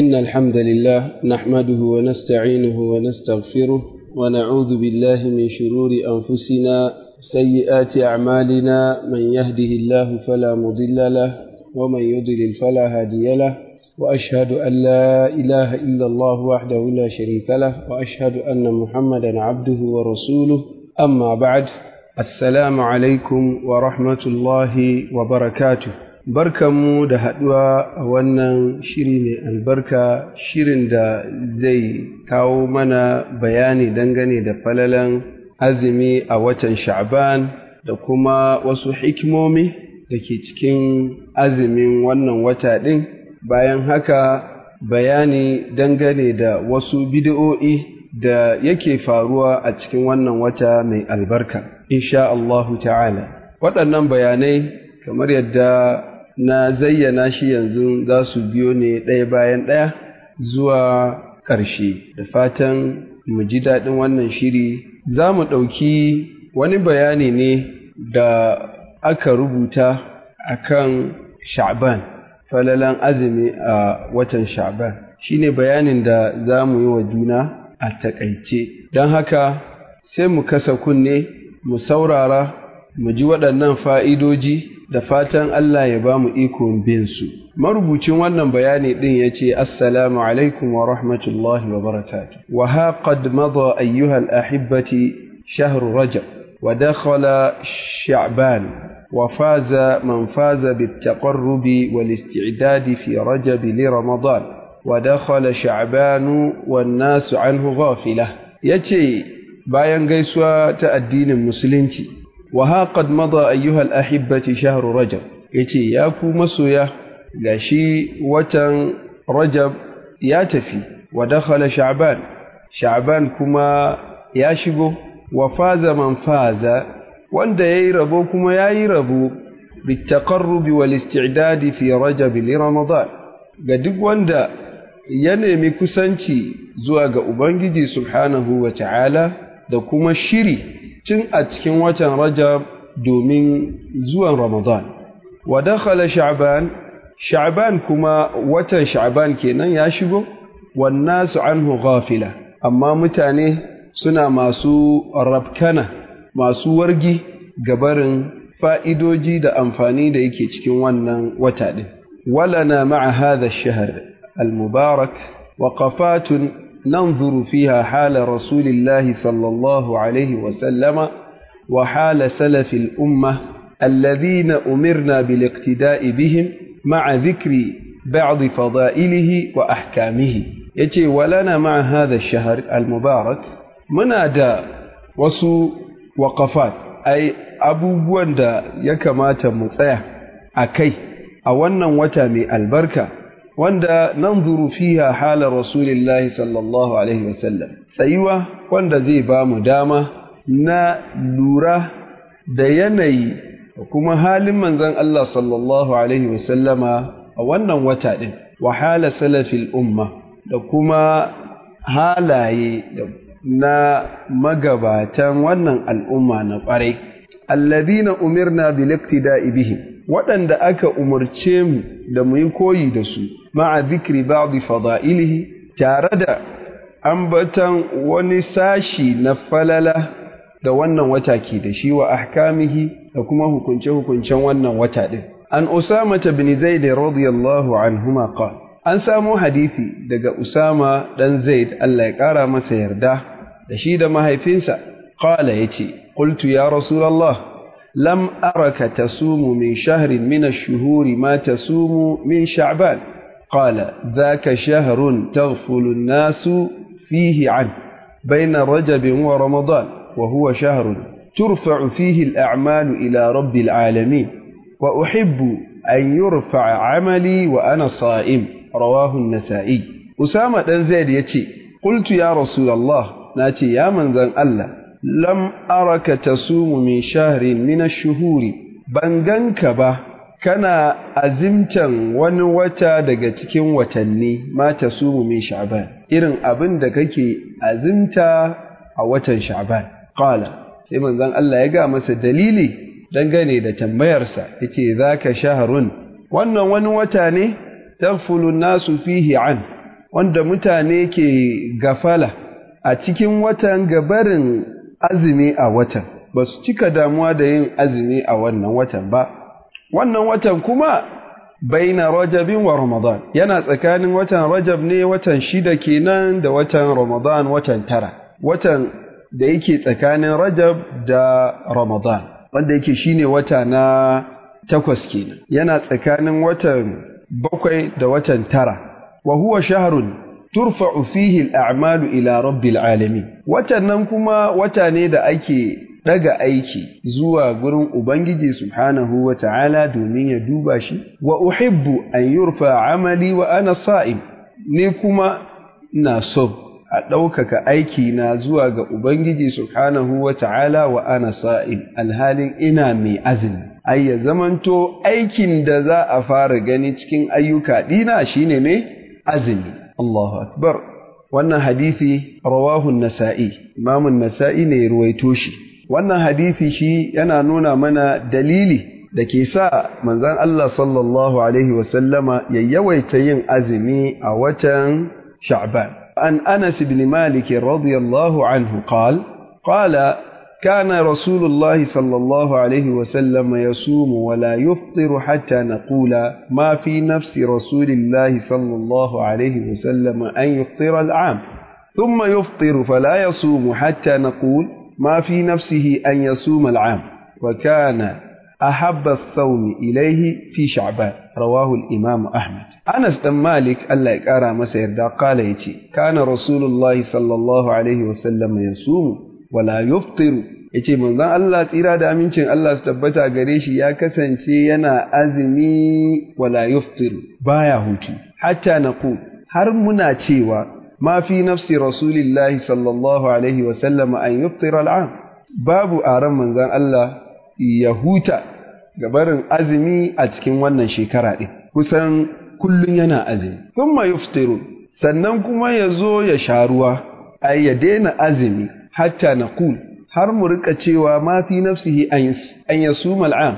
إن الحمد لله نحمده ونستعينه ونستغفره ونعوذ بالله من شرور أنفسنا سيئات أعمالنا من يهده الله فلا مضل له ومن يضلل فلا هادي له وأشهد أن لا إله إلا الله وحده لا شريك له وأشهد أن محمدا عبده ورسوله أما بعد السلام عليكم ورحمة الله وبركاته barkanmu da haɗuwa a wannan shiri mai albarka shirin da zai kawo mana bayani dangane da falalan azumi a watan sha'ban da kuma wasu hikimomi da ke cikin azumin wannan wata ɗin bayan haka bayani dangane da wasu bidiyo'i da yake faruwa a cikin wannan wata mai albarka insha Allahu ta'ala waɗannan bayanai kamar yadda na zayyana shi yanzu za su biyo ne ɗaya bayan ɗaya zuwa ƙarshe da fatan mu ji daɗin wannan shiri za mu ɗauki wani bayani ne da aka rubuta a kan sha'ban falalan azumi a watan sha'ban shi ne bayanin da za mu yi wa juna a taƙaice don haka sai mu kasa kunne mu saurara mu ji waɗannan fa'idoji da fatan Allah ya ba mu ikon bin su. Marubucin wannan bayani ɗin ya ce, Assalamu alaikum wa rahmatullahi wa barakatu. Wa ha haƙad maza ayyuhal ahibbati shahru Rajab, wa dakhala Sha'ban, wa faza faza man bit taqarrubi وفاز من فاز بالتقرب والاستعداد في رجب لرمضان ودخل شعبان والناس anhu غافلة Yace bayan gaisuwa ta addinin musulunci wa qad mada ayyuha al-ahibbati shahru rajab yace ya ku masoya gashi watan rajab ya tafi wa dakhala sha'ban sha'ban kuma ya shigo wa faza man faza wanda yayi rabo kuma yayi rabo bi taqarrub wal isti'dad fi rajab li ramadan ga duk wanda ya nemi kusanci zuwa ga ubangiji subhanahu wa ta'ala da kuma shiri tun a cikin watan rajab domin zuwan ramadan wa dakhala sha'ban sha'ban kuma watan sha'ban kenan ya shigo wan nasu anhu ghafila amma mutane suna masu rabkana masu wargi gabarin fa'idoji da amfani da yake cikin wannan wata ɗin walana ma'a shahar ash-shahr al-mubarak waqafatun ننظر فيها حال رسول الله صلى الله عليه وسلم وحال سلف الأمة الذين أمرنا بالاقتداء بهم مع ذكر بعض فضائله وأحكامه يجي ولنا مع هذا الشهر المبارك منادى وسو وقفات أي أبو وندا يكما تمتع أكي أولا وتامي البركة wanda nanzuru fiha halar rasulillahi sallallahu alaihi wasallam tsayuwa wanda zai ba mu dama na lura da yanayi kuma halin manzon Allah sallallahu alaihi wasallama a wannan wata ɗin. wa salafil umma da kuma halaye na magabatan wannan al'umma na ƙwarai allazina umirna bil iqtida'i bihim waɗanda aka umarce mu da mu yi koyi da su ma'a zikri babu fada'ilihi tare da ambatan wani sashi na falala da wannan wata ke da shi wa ahkamihi da kuma hukunce-hukuncen wannan wata ɗin. an usama ta bin zaid radiyallahu anhuma qala an samo Hadithi daga usama ɗan zaid Allah ya ƙara masa yarda da shi da mahaifinsa ƙala ya ce. Ƙultu ya rasulallah لم أرك تصوم من شهر من الشهور ما تصوم من شعبان قال ذاك شهر تغفل الناس فيه عنه بين رجب ورمضان وهو شهر ترفع فيه الأعمال إلى رب العالمين وأحب أن يرفع عملي وأنا صائم رواه النسائي أسامة زيد يتي قلت يا رسول الله ناتي يا من ذن الله lam araka tasumu min shahrin min ash-shuhuri ban ba kana azimtan wani wata daga cikin watanni ma tasumu min sha'ban irin abin da kake azimta a watan sha'ban qala sai manzon Allah ya ga masa dalili dangane da tambayarsa yace zaka shahrun wannan wani wata ne taghfulu nasu fihi an wanda mutane ke gafala a cikin watan gabarin azumi a watan ba su cika damuwa da yin azumi a wannan watan ba wannan watan kuma baina rajabin wa ramadan yana tsakanin watan rajab ne watan shida kenan da watan ramadan watan tara watan da yake tsakanin rajab da ramadan wanda yake shine wata na takwas kenan yana tsakanin watan bakwai da watan tara wa huwa shaharun turfa'u fihi al'amalu ila rabbil alamin watan nan kuma wata ne da ake daga aiki zuwa gurin ubangiji subhanahu wa ta'ala domin ya duba shi wa uhibbu an yurfa amali wa ana sa'im ni kuma na so a ɗaukaka aiki na zuwa ga ubangiji subhanahu wa ta'ala wa ana sa'im alhalin ina mai azumi ai ya zamanto aikin da za a fara gani cikin ayyuka ɗina shine ne azumi Allahu akbar wannan hadisi rawahu nasa'i imamun nasa'i ne ya ruwaito shi wannan hadisi shi yana nuna mana dalili da ke sa manzon Allah sallallahu alaihi wasallama ya yawaita yin azumi a watan sha'ban an anas bin malik radiyallahu anhu qala كان رسول الله صلى الله عليه وسلم يصوم ولا يفطر حتى نقول ما في نفس رسول الله صلى الله عليه وسلم أن يفطر العام ثم يفطر فلا يصوم حتى نقول ما في نفسه أن يصوم العام وكان أحب الصوم إليه في شعبان رواه الإمام أحمد أنس بن مالك الله يكرمه سيدا قال يتي كان رسول الله صلى الله عليه وسلم يصوم wala yuftiru yace manzon Allah tsira da amincin Allah su tabbata gare shi ya kasance yana azumi wala yuftiru baya hutu hatta naqul har muna cewa ma fi nafsi rasulillahi sallallahu alaihi wa sallam an yuftira al'am babu aran manzon Allah ya huta gabarin azumi a cikin wannan shekara din kusan kullun yana azumi kuma yuftiru sannan kuma ya zo ya sha ruwa ai ya daina azumi hatta naqul har mu rika cewa ma fi nafsihi an yasuma al'am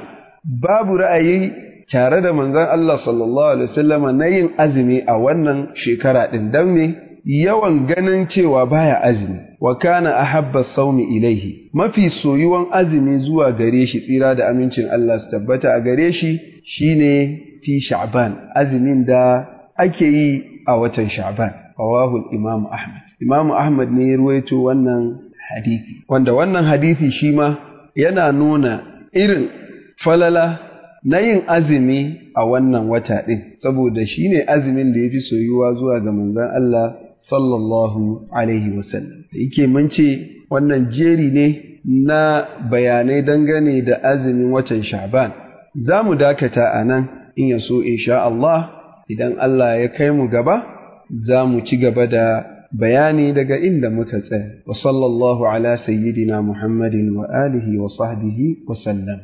babu ra'ayi tare da manzon Allah sallallahu alaihi wasallama na yin azumi a wannan shekara ɗin dan me yawan ganin cewa baya azumi wa kana ahabba saumi ilaihi mafi soyuwan azumi zuwa gare shi tsira da amincin Allah su tabbata a gare shi shine fi sha'ban azumin da ake yi a watan sha'ban rawahul imam ahmad imam ahmad ne ya ruwaito wannan hadisi wanda wannan hadisi shi ma yana nuna irin falala na yin azumi a wannan wata ɗin saboda shi ne azumin da ya fi soyuwa zuwa ga manzan Allah sallallahu alaihi wasallam da yake mun ce wannan jeri ne na bayanai dangane da azumin watan sha'ban za mu dakata a nan in ya so sha Allah idan Allah ya kai mu gaba za mu ci gaba da bayani daga inda muka tsaya wa sallallahu ala sayyidina muhammadin wa alihi wa sahbihi wa sallam